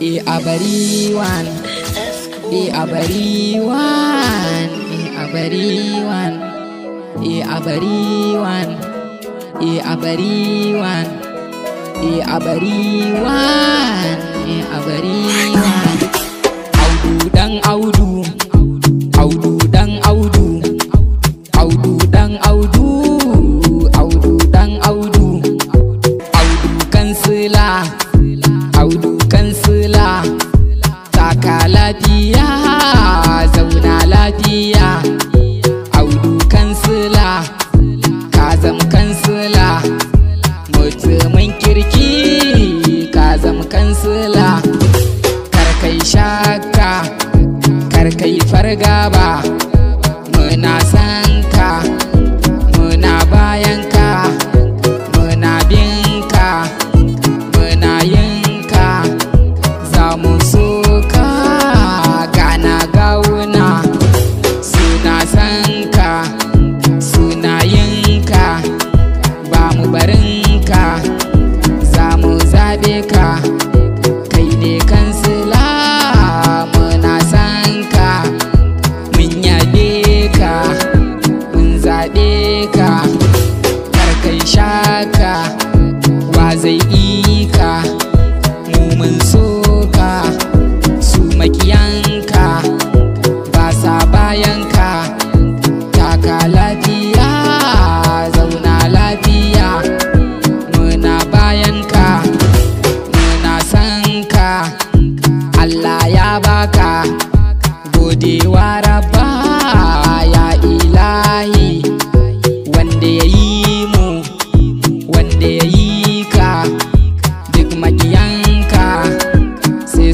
E a bari e a bari e a bari wan, e a bari e a e a e a e e Audu dan audu. Ka lafiya zauna lafiya audu kansila kazam kansila mutumin kirki kazam kansila karkai shaka karkai fargaba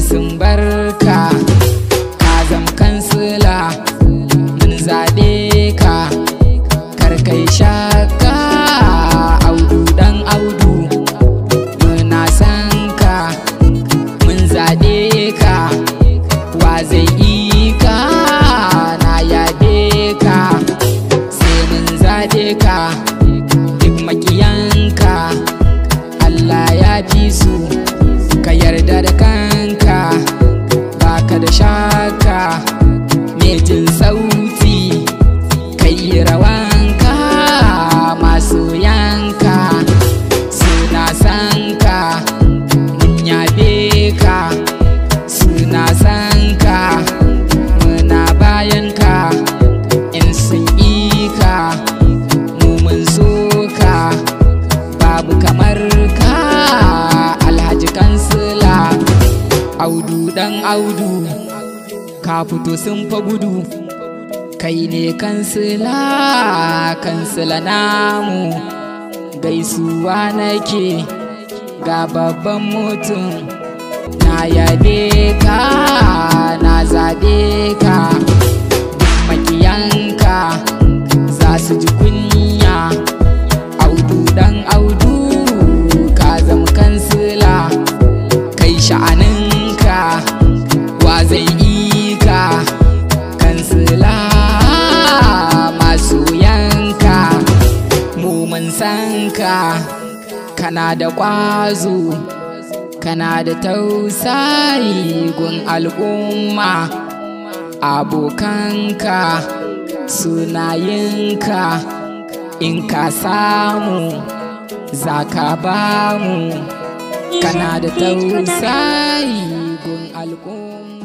sun barka ka zam kansila mun zaɓe ka karkai shaka audu dan audu muna san ka mun zaɓe ka wa zai ika na yabe ka sai mun zaɓe ka duk makiyanka Allah ya fi su ka yarda da kan audu ka fito sun fa gudu kai ne kansila kansila namu gaisuwa nake ga babban mutum na yabe ka na zabe ka makiyanka za su ji kunya audu dan audu kana da ƙwazo kana da tausayi gun al'umma abokanka sunayinka in ka samu za ka ba mu kana da tausayi gun al'umma